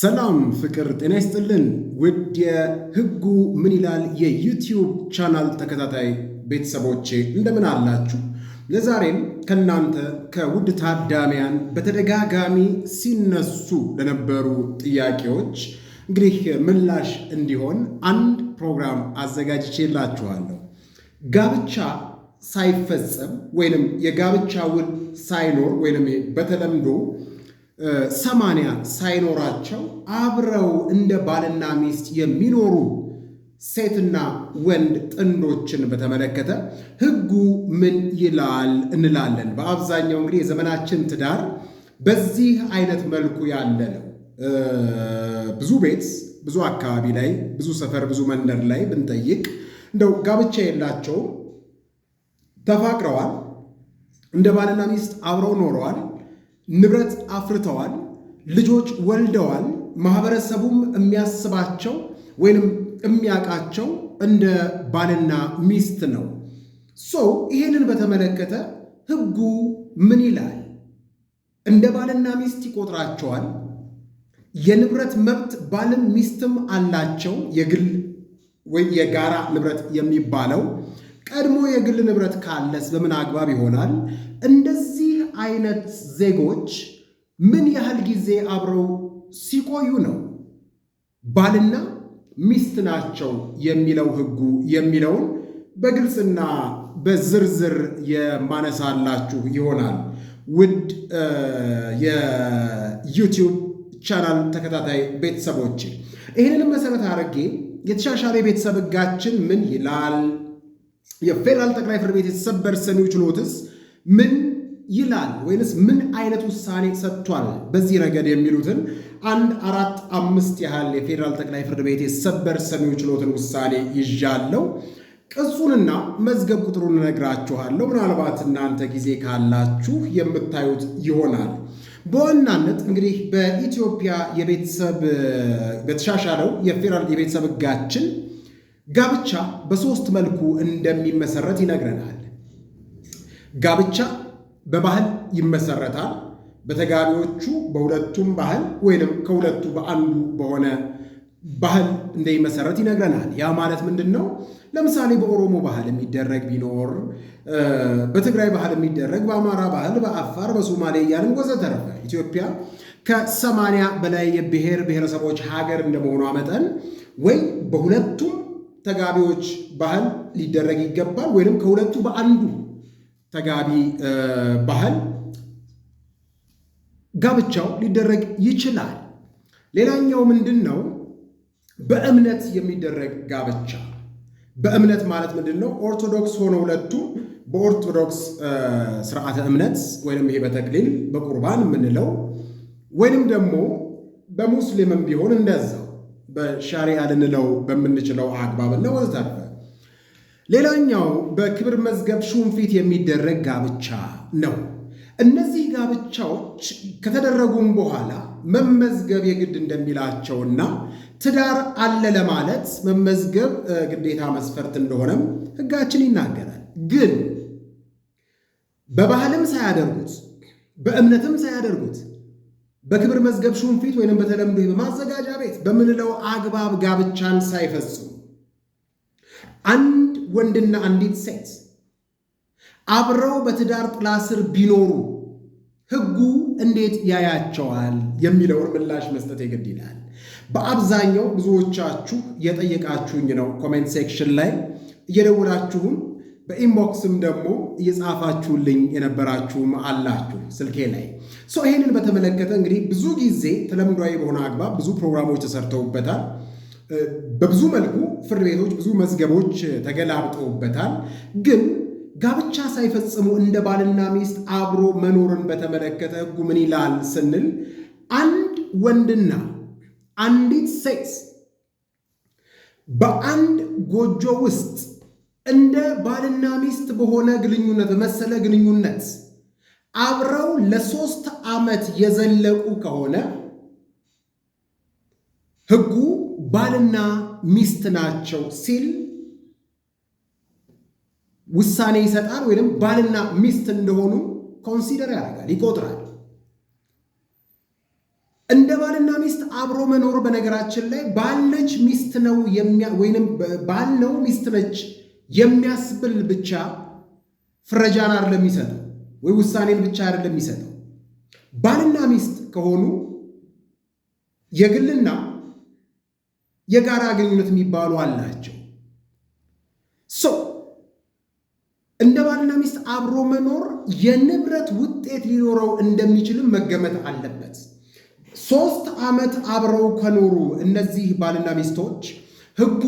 ሰላም ፍቅር ጤና ይስጥልን። ውድ የህጉ ምን ይላል የዩቲዩብ ቻናል ተከታታይ ቤተሰቦቼ እንደምን አላችሁ? ለዛሬም ከእናንተ ከውድ ታዳሚያን በተደጋጋሚ ሲነሱ ለነበሩ ጥያቄዎች እንግዲህ ምላሽ እንዲሆን አንድ ፕሮግራም አዘጋጅቼላችኋለሁ። ጋብቻ ሳይፈጸም ወይንም የጋብቻ ውል ሳይኖር ወይንም በተለምዶ ሰማንያ ሳይኖራቸው አብረው እንደ ባልና ሚስት የሚኖሩ ሴትና ወንድ ጥንዶችን በተመለከተ ሕጉ ምን ይላል እንላለን። በአብዛኛው እንግዲህ የዘመናችን ትዳር በዚህ አይነት መልኩ ያለ ነው። ብዙ ቤት፣ ብዙ አካባቢ ላይ፣ ብዙ ሰፈር፣ ብዙ መንደር ላይ ብንጠይቅ እንደው ጋብቻ የላቸውም፣ ተፋቅረዋል፣ እንደ ባልና ሚስት አብረው ኖረዋል ንብረት አፍርተዋል፣ ልጆች ወልደዋል። ማህበረሰቡም የሚያስባቸው ወይንም የሚያውቃቸው እንደ ባልና ሚስት ነው። ሶ ይሄንን በተመለከተ ህጉ ምን ይላል? እንደ ባልና ሚስት ይቆጥራቸዋል። የንብረት መብት ባልም ሚስትም አላቸው። የግል ወይ የጋራ ንብረት የሚባለው ቀድሞ የግል ንብረት ካለስ በምን አግባብ ይሆናል? እንደዚህ አይነት ዜጎች ምን ያህል ጊዜ አብረው ሲቆዩ ነው ባልና ሚስት ናቸው የሚለው ህጉ የሚለውን በግልጽና በዝርዝር የማነሳላችሁ ይሆናል። ውድ የዩቲዩብ ቻናል ተከታታይ ቤተሰቦች ይህንንም መሰረት አድርጌ የተሻሻለ የቤተሰብ ህጋችን ምን ይላል? የፌዴራል ጠቅላይ ፍርድ ቤት የተሰበር ሰሚው ችሎትስ ምን ይላል ወይንስ ምን አይነት ውሳኔ ሰጥቷል? በዚህ ረገድ የሚሉትን አንድ አራት አምስት ያህል የፌዴራል ጠቅላይ ፍርድ ቤት የሰበር ሰሚው ችሎትን ውሳኔ ይዣለው። ቅጹንና መዝገብ ቁጥሩን እነግራችኋለሁ። ምናልባት እናንተ ጊዜ ካላችሁ የምታዩት ይሆናል። በዋናነት እንግዲህ በኢትዮጵያ የቤተሰብ በተሻሻለው የፌዴራል የቤተሰብ ሕጋችን ጋብቻ በሶስት መልኩ እንደሚመሰረት ይነግረናል። ጋብቻ በባህል ይመሰረታል። በተጋቢዎቹ በሁለቱም ባህል ወይም ከሁለቱ በአንዱ በሆነ ባህል እንደሚመሰረት ይነግረናል። ያ ማለት ምንድን ነው? ለምሳሌ በኦሮሞ ባህል የሚደረግ ቢኖር፣ በትግራይ ባህል የሚደረግ፣ በአማራ ባህል፣ በአፋር፣ በሶማሌ እያልን ወዘተረፈ ኢትዮጵያ ከሰማንያ በላይ የብሔር ብሔረሰቦች ሀገር እንደመሆኗ መጠን ወይ በሁለቱም ተጋቢዎች ባህል ሊደረግ ይገባል ወይም ከሁለቱ በአንዱ ተጋቢ ባህል ጋብቻው ሊደረግ ይችላል። ሌላኛው ምንድን ነው? በእምነት የሚደረግ ጋብቻ። በእምነት ማለት ምንድን ነው? ኦርቶዶክስ ሆነ ሁለቱ በኦርቶዶክስ ስርዓተ እምነት ወይም ይሄ በተክሊል በቁርባን የምንለው ወይንም ደግሞ በሙስሊምም ቢሆን እንደዛው በሻሪያ ልንለው በምንችለው አግባብና ወዘተ ሌላኛው በክብር መዝገብ ሹም ፊት የሚደረግ ጋብቻ ነው። እነዚህ ጋብቻዎች ከተደረጉም በኋላ መመዝገብ የግድ እንደሚላቸውና ትዳር አለ ለማለት መመዝገብ ግዴታ መስፈርት እንደሆነም ሕጋችን ይናገራል። ግን በባህልም ሳያደርጉት በእምነትም ሳያደርጉት በክብር መዝገብ ሹም ፊት ወይም በተለምዶ በማዘጋጃ ቤት በምንለው አግባብ ጋብቻን ሳይፈጽሙ አንድ ወንድና አንዲት ሴት አብረው በትዳር ጥላ ስር ቢኖሩ ሕጉ እንዴት ያያቸዋል የሚለውን ምላሽ መስጠት የግድ ይላል። በአብዛኛው ብዙዎቻችሁ የጠየቃችሁኝ ነው። ኮሜንት ሴክሽን ላይ እየደወላችሁም በኢንቦክስም ደግሞ እየጻፋችሁልኝ የነበራችሁም አላችሁ ስልኬ ላይ ሰው። ይህንን በተመለከተ እንግዲህ ብዙ ጊዜ ተለምዷዊ በሆነ አግባብ ብዙ ፕሮግራሞች ተሰርተውበታል። በብዙ መልኩ ፍርድ ቤቶች ብዙ መዝገቦች ተገላብጠውበታል። ግን ጋብቻ ሳይፈጽሙ እንደ ባልና ሚስት አብሮ መኖርን በተመለከተ ህጉ ምን ይላል ስንል አንድ ወንድና አንዲት ሴት በአንድ ጎጆ ውስጥ እንደ ባልና ሚስት በሆነ ግንኙነት በመሰለ ግንኙነት አብረው ለሶስት ዓመት የዘለቁ ከሆነ ህጉ ባልና ሚስት ናቸው ሲል ውሳኔ ይሰጣል ወይም ባልና ሚስት እንደሆኑ ኮንሲደር ያደርጋል፣ ይቆጥራል። እንደ ባልና ሚስት አብሮ መኖር በነገራችን ላይ ባለች ሚስት ነው ወይም ባል ነው ሚስት ነች የሚያስብል ብቻ ፍረጃን አይደለም የሚሰጠው ወይ ውሳኔን ብቻ አይደለም የሚሰጠው። ባልና ሚስት ከሆኑ የግልና የጋራ ግንኙነት የሚባሉ አላቸው። ሶ እንደ ባልና ሚስት አብሮ መኖር የንብረት ውጤት ሊኖረው እንደሚችልም መገመት አለበት። ሶስት ዓመት አብረው ከኖሩ እነዚህ ባልና ሚስቶች ህጉ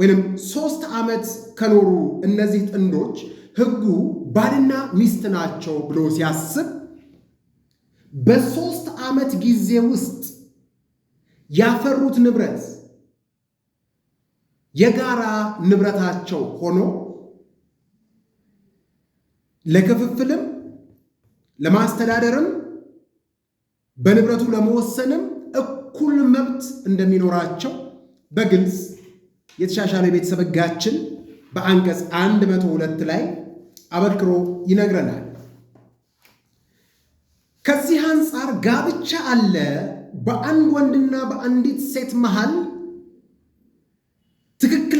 ወይም ሶስት ዓመት ከኖሩ እነዚህ ጥንዶች ህጉ ባልና ሚስት ናቸው ብሎ ሲያስብ በሶስት ዓመት ጊዜ ውስጥ ያፈሩት ንብረት የጋራ ንብረታቸው ሆኖ ለክፍፍልም ለማስተዳደርም በንብረቱ ለመወሰንም እኩል መብት እንደሚኖራቸው በግልጽ የተሻሻለ የቤተሰብ ሕጋችን በአንቀጽ 102 ላይ አበክሮ ይነግረናል። ከዚህ አንጻር ጋብቻ አለ በአንድ ወንድና በአንዲት ሴት መሃል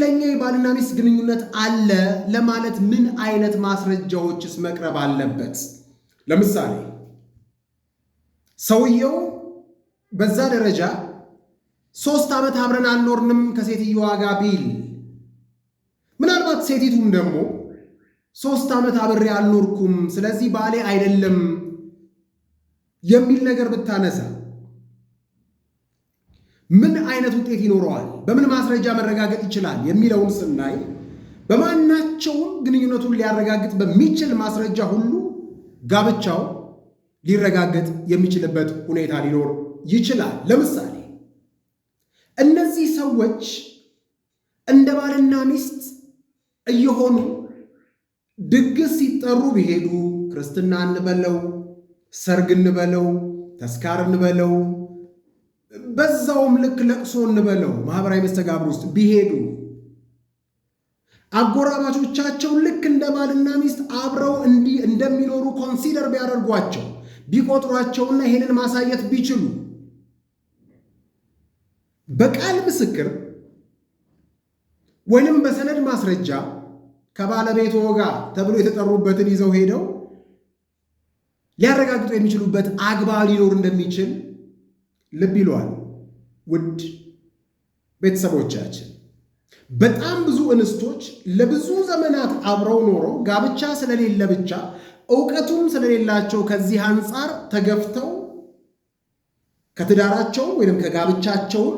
ትክክለኛ የባልና ሚስት ግንኙነት አለ ለማለት ምን አይነት ማስረጃዎችስ መቅረብ አለበት? ለምሳሌ ሰውየው በዛ ደረጃ ሶስት ዓመት አብረን አልኖርንም ከሴትየዋ ጋር ቢል ምናልባት ሴቲቱም ደግሞ ሶስት ዓመት አብሬ አልኖርኩም፣ ስለዚህ ባሌ አይደለም የሚል ነገር ብታነሳ ምን አይነት ውጤት ይኖረዋል፣ በምን ማስረጃ መረጋገጥ ይችላል የሚለውን ስናይ በማናቸውም ግንኙነቱን ሊያረጋግጥ በሚችል ማስረጃ ሁሉ ጋብቻው ሊረጋገጥ የሚችልበት ሁኔታ ሊኖር ይችላል። ለምሳሌ እነዚህ ሰዎች እንደ ባልና ሚስት እየሆኑ ድግስ ሲጠሩ ቢሄዱ ክርስትና እንበለው፣ ሰርግ እንበለው፣ ተስካር እንበለው በዛውም ልክ ለቅሶ እንበለው ማህበራዊ መስተጋብር ውስጥ ቢሄዱ አጎራባቾቻቸው ልክ እንደ ባልና ሚስት አብረው እንዲ እንደሚኖሩ ኮንሲደር ቢያደርጓቸው ቢቆጥሯቸውና ይሄንን ማሳየት ቢችሉ በቃል ምስክር ወይንም በሰነድ ማስረጃ ከባለቤቶ ጋር ተብሎ የተጠሩበትን ይዘው ሄደው ሊያረጋግጡ የሚችሉበት አግባብ ሊኖር እንደሚችል ልብ ይለዋል። ውድ ቤተሰቦቻችን በጣም ብዙ እንስቶች ለብዙ ዘመናት አብረው ኖረው ጋብቻ ስለሌለ ብቻ እውቀቱም ስለሌላቸው ከዚህ አንጻር ተገፍተው ከትዳራቸውን ወይም ከጋብቻቸውን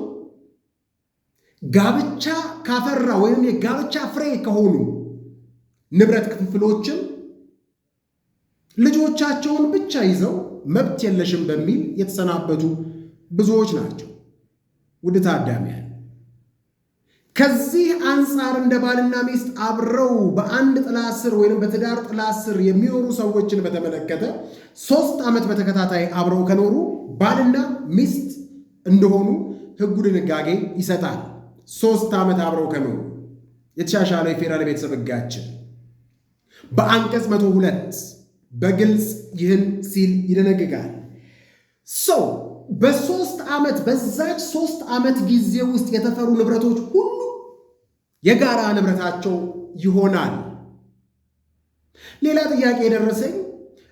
ጋብቻ ካፈራ ወይም የጋብቻ ፍሬ ከሆኑ ንብረት ክፍፍሎችን ልጆቻቸውን ብቻ ይዘው መብት የለሽም በሚል የተሰናበቱ ብዙዎች ናቸው። ውድ ታዳሚያን ከዚህ አንጻር እንደ ባልና ሚስት አብረው በአንድ ጥላ ስር ወይም በትዳር ጥላ ስር የሚኖሩ ሰዎችን በተመለከተ ሶስት ዓመት በተከታታይ አብረው ከኖሩ ባልና ሚስት እንደሆኑ ሕጉ ድንጋጌ ይሰጣል። ሶስት ዓመት አብረው ከኖሩ የተሻሻለው የፌዴራል ቤተሰብ ሕጋችን በአንቀጽ መቶ ሁለት በግልጽ ይህን ሲል ይደነግጋል ሰው በሶስት ዓመት በዛች ሶስት ዓመት ጊዜ ውስጥ የተፈሩ ንብረቶች ሁሉ የጋራ ንብረታቸው ይሆናል። ሌላ ጥያቄ የደረሰኝ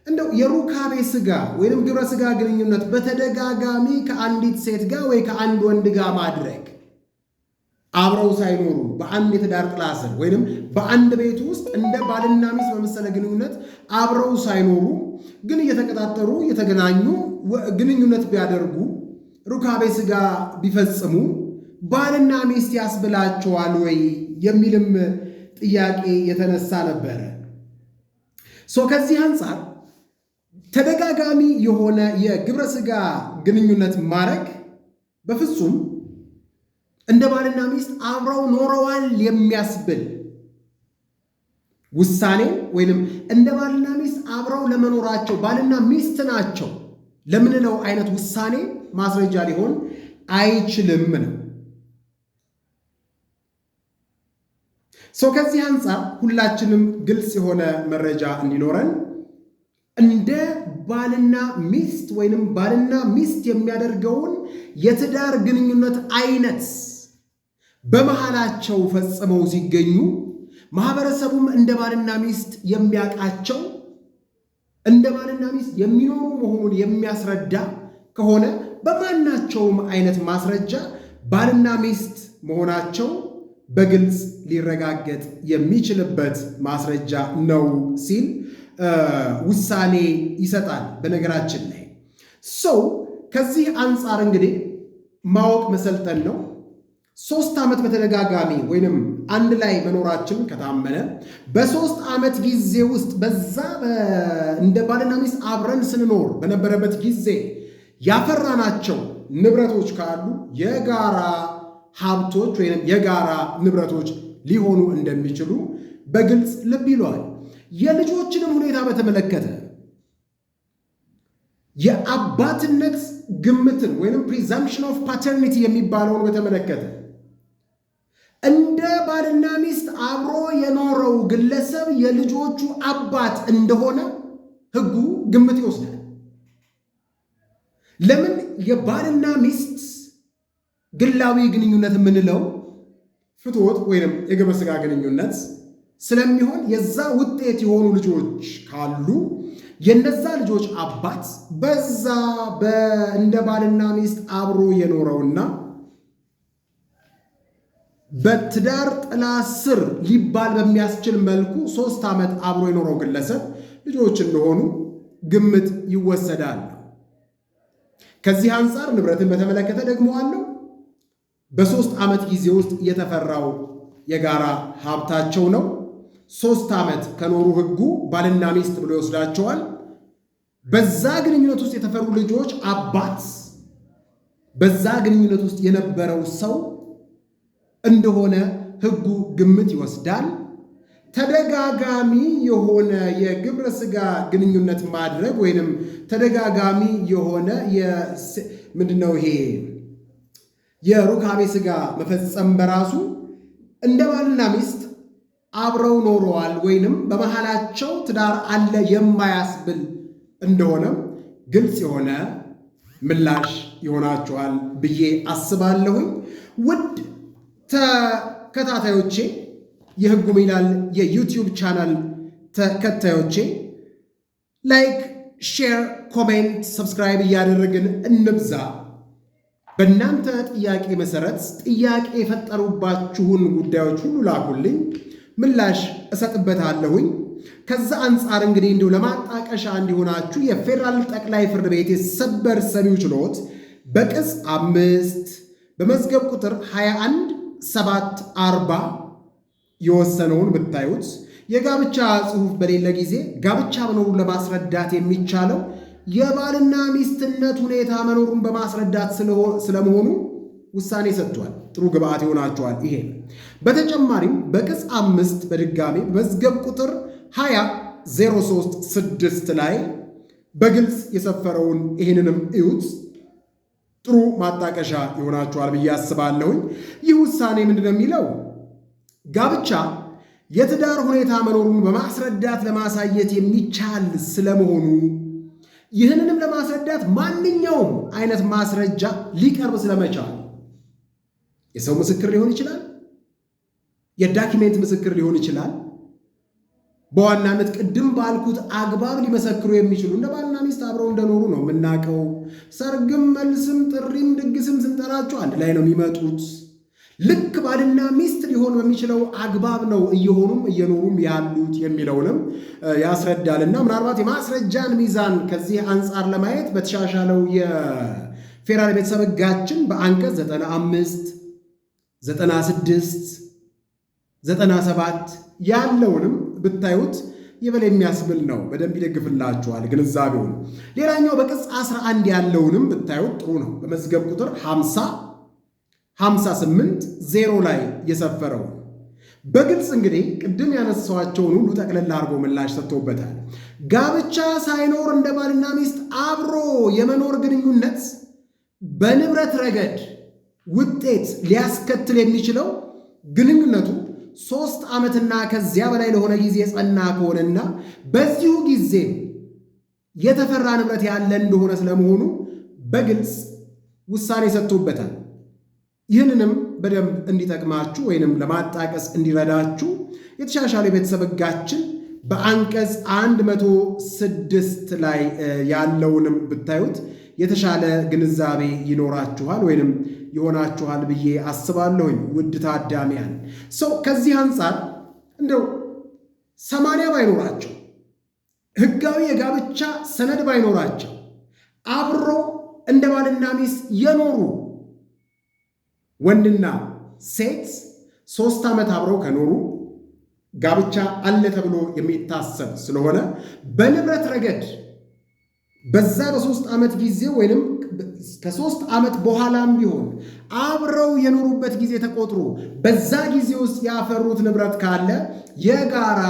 እንደው የሩካቤ ስጋ ወይም ግብረ ስጋ ግንኙነት በተደጋጋሚ ከአንዲት ሴት ጋር ወይ ከአንድ ወንድ ጋር ማድረግ አብረው ሳይኖሩ በአንድ የትዳር ጥላ ስር ወይም በአንድ ቤት ውስጥ እንደ ባልና ሚስት በመሰለ ግንኙነት አብረው ሳይኖሩ ግን እየተቀጣጠሩ እየተገናኙ ግንኙነት ቢያደርጉ ሩካቤ ስጋ ቢፈጽሙ ባልና ሚስት ያስብላቸዋል ወይ የሚልም ጥያቄ የተነሳ ነበረ። ሶ ከዚህ አንጻር ተደጋጋሚ የሆነ የግብረ ስጋ ግንኙነት ማድረግ በፍጹም እንደ ባልና ሚስት አብረው ኖረዋል የሚያስብል ውሳኔ ወይንም እንደ ባልና ሚስት አብረው ለመኖራቸው ባልና ሚስት ናቸው ለምንለው አይነት ውሳኔ ማስረጃ ሊሆን አይችልም ነው። ሰው ከዚህ አንጻር ሁላችንም ግልጽ የሆነ መረጃ እንዲኖረን እንደ ባልና ሚስት ወይንም ባልና ሚስት የሚያደርገውን የትዳር ግንኙነት አይነት በመሃላቸው ፈጽመው ሲገኙ ማህበረሰቡም እንደ ባልና ሚስት የሚያውቃቸው እንደ ባልና ሚስት የሚኖሩ መሆኑን የሚያስረዳ ከሆነ በማናቸውም አይነት ማስረጃ ባልና ሚስት መሆናቸው በግልጽ ሊረጋገጥ የሚችልበት ማስረጃ ነው ሲል ውሳኔ ይሰጣል። በነገራችን ላይ ሰው ከዚህ አንጻር እንግዲህ ማወቅ መሰልጠን ነው። ሶስት ዓመት በተደጋጋሚ ወይንም አንድ ላይ መኖራችን ከታመነ በሶስት ዓመት ጊዜ ውስጥ በዛ እንደ ባልና ሚስት አብረን ስንኖር በነበረበት ጊዜ ያፈራናቸው ንብረቶች ካሉ የጋራ ሀብቶች ወይም የጋራ ንብረቶች ሊሆኑ እንደሚችሉ በግልጽ ልብ ይለዋል። የልጆችንም ሁኔታ በተመለከተ የአባትነት ግምትን ወይም ፕሪዘምፕሽን ኦፍ ፓተርኒቲ የሚባለውን በተመለከተ እንደ ባልና ሚስት አብሮ የኖረው ግለሰብ የልጆቹ አባት እንደሆነ ሕጉ ግምት ይወስዳል። ለምን የባልና ሚስት ግላዊ ግንኙነት የምንለው ፍትወት ወይም የግብረ ስጋ ግንኙነት ስለሚሆን የዛ ውጤት የሆኑ ልጆች ካሉ የነዛ ልጆች አባት በዛ እንደ ባልና ሚስት አብሮ የኖረውና በትዳር ጥላ ስር ሊባል በሚያስችል መልኩ ሶስት ዓመት አብሮ የኖረው ግለሰብ ልጆች እንደሆኑ ግምት ይወሰዳል። ከዚህ አንጻር ንብረትን በተመለከተ ደግሞ አለው በሶስት ዓመት ጊዜ ውስጥ የተፈራው የጋራ ሀብታቸው ነው። ሶስት ዓመት ከኖሩ ህጉ ባልና ሚስት ብሎ ይወስዳቸዋል። በዛ ግንኙነት ውስጥ የተፈሩ ልጆች አባት በዛ ግንኙነት ውስጥ የነበረው ሰው እንደሆነ ሕጉ ግምት ይወስዳል። ተደጋጋሚ የሆነ የግብረ ስጋ ግንኙነት ማድረግ ወይንም ተደጋጋሚ የሆነ ምንድነው ይሄ የሩካቤ ስጋ መፈጸም በራሱ እንደ ባልና ሚስት አብረው ኖረዋል ወይንም በመሃላቸው ትዳር አለ የማያስብል እንደሆነም ግልጽ የሆነ ምላሽ ይሆናችኋል ብዬ አስባለሁኝ ውድ ተከታታዮቼ የህጉ ሚላል የዩቲዩብ ቻናል ተከታዮቼ ላይክ፣ ሼር፣ ኮሜንት፣ ሰብስክራይብ እያደረግን እንብዛ። በእናንተ ጥያቄ መሰረት ጥያቄ የፈጠሩባችሁን ጉዳዮች ሁሉ ላኩልኝ፣ ምላሽ እሰጥበታለሁኝ። ከዛ አንጻር እንግዲህ እንዲሁ ለማጣቀሻ እንዲሆናችሁ የፌዴራል ጠቅላይ ፍርድ ቤት የሰበር ሰሚው ችሎት በቅጽ አምስት በመዝገብ ቁጥር 21 ሰባት አርባ የወሰነውን ብታዩት የጋብቻ ጽሑፍ በሌለ ጊዜ ጋብቻ መኖሩን ለማስረዳት የሚቻለው የባልና ሚስትነት ሁኔታ መኖሩን በማስረዳት ስለመሆኑ ውሳኔ ሰጥቷል። ጥሩ ግብአት ይሆናቸዋል። ይሄ በተጨማሪም በቅጽ አምስት በድጋሜ መዝገብ ቁጥር 20 ላይ በግልጽ የሰፈረውን ይህንንም እዩት። ጥሩ ማጣቀሻ ይሆናችኋል ብዬ አስባለሁኝ። ይህ ውሳኔ ምንድን ነው የሚለው ጋብቻ የትዳር ሁኔታ መኖሩን በማስረዳት ለማሳየት የሚቻል ስለመሆኑ ይህንንም ለማስረዳት ማንኛውም አይነት ማስረጃ ሊቀርብ ስለመቻል የሰው ምስክር ሊሆን ይችላል፣ የዳኪሜንት ምስክር ሊሆን ይችላል በዋናነት ቅድም ባልኩት አግባብ ሊመሰክሩ የሚችሉ እንደ ባልና ሚስት አብረው እንደኖሩ ነው የምናውቀው። ሰርግም፣ መልስም፣ ጥሪም፣ ድግስም ስንጠራቸው አንድ ላይ ነው የሚመጡት። ልክ ባልና ሚስት ሊሆን በሚችለው አግባብ ነው እየሆኑም እየኖሩም ያሉት የሚለውንም ያስረዳል እና ምናልባት የማስረጃን ሚዛን ከዚህ አንጻር ለማየት በተሻሻለው የፌዴራል ቤተሰብ ሕጋችን በአንቀጽ 95፣ 96፣ 97 ያለውንም ብታዩት ይበል የሚያስብል ነው። በደንብ ይደግፍላችኋል ግንዛቤውን። ሌላኛው በቅጽ 11 ያለውንም ብታዩት ጥሩ ነው። በመዝገብ ቁጥር 50 58 ዜሮ ላይ የሰፈረው በግልጽ እንግዲህ ቅድም ያነሳዋቸውን ሁሉ ጠቅለላ አድርጎ ምላሽ ሰጥቶበታል። ጋብቻ ሳይኖር እንደ ባልና ሚስት አብሮ የመኖር ግንኙነት በንብረት ረገድ ውጤት ሊያስከትል የሚችለው ግንኙነቱ ሶስት ዓመትና ከዚያ በላይ ለሆነ ጊዜ ጸና ከሆነና በዚሁ ጊዜ የተፈራ ንብረት ያለ እንደሆነ ስለመሆኑ በግልጽ ውሳኔ ሰጥቶበታል። ይህንንም በደንብ እንዲጠቅማችሁ ወይንም ለማጣቀስ እንዲረዳችሁ የተሻሻለ የቤተሰብ ሕጋችን በአንቀጽ 106 ላይ ያለውንም ብታዩት የተሻለ ግንዛቤ ይኖራችኋል ወይንም ይሆናችኋል ብዬ አስባለሁኝ። ውድ ታዳሚያን ሰው ከዚህ አንጻር እንደው ሰማንያ ባይኖራቸው ህጋዊ የጋብቻ ሰነድ ባይኖራቸው አብሮ እንደ ባልና ሚስት የኖሩ ወንድና ሴት ሶስት ዓመት አብረው ከኖሩ ጋብቻ አለ ተብሎ የሚታሰብ ስለሆነ በንብረት ረገድ በዛ በሶስት ዓመት ጊዜ ወይንም ከሶስት ዓመት በኋላም ቢሆን አብረው የኖሩበት ጊዜ ተቆጥሮ በዛ ጊዜ ውስጥ ያፈሩት ንብረት ካለ የጋራ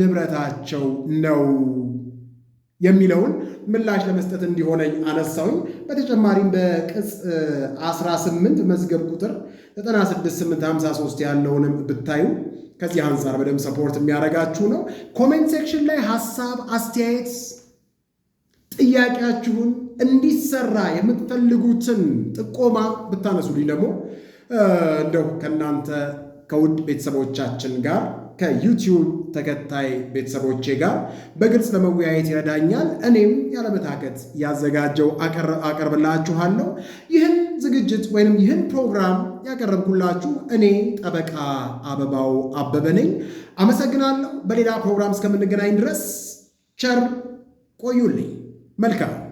ንብረታቸው ነው የሚለውን ምላሽ ለመስጠት እንዲሆነኝ አነሳውኝ። በተጨማሪም በቅጽ 18 መዝገብ ቁጥር 96853 ያለውንም ብታዩ ከዚህ አንጻር በደንብ ሰፖርት የሚያደርጋችሁ ነው። ኮሜንት ሴክሽን ላይ ሀሳብ አስተያየት ጥያቄያችሁን እንዲሰራ የምትፈልጉትን ጥቆማ ብታነሱልኝ ደግሞ እንደው ከእናንተ ከውድ ቤተሰቦቻችን ጋር ከዩቲዩብ ተከታይ ቤተሰቦቼ ጋር በግልጽ ለመወያየት ይረዳኛል። እኔም ያለመታከት ያዘጋጀው አቀርብላችኋለሁ። ይህን ዝግጅት ወይም ይህን ፕሮግራም ያቀረብኩላችሁ እኔ ጠበቃ አበባው አበበ ነኝ። አመሰግናለሁ። በሌላ ፕሮግራም እስከምንገናኝ ድረስ ቸር ቆዩልኝ። መልካም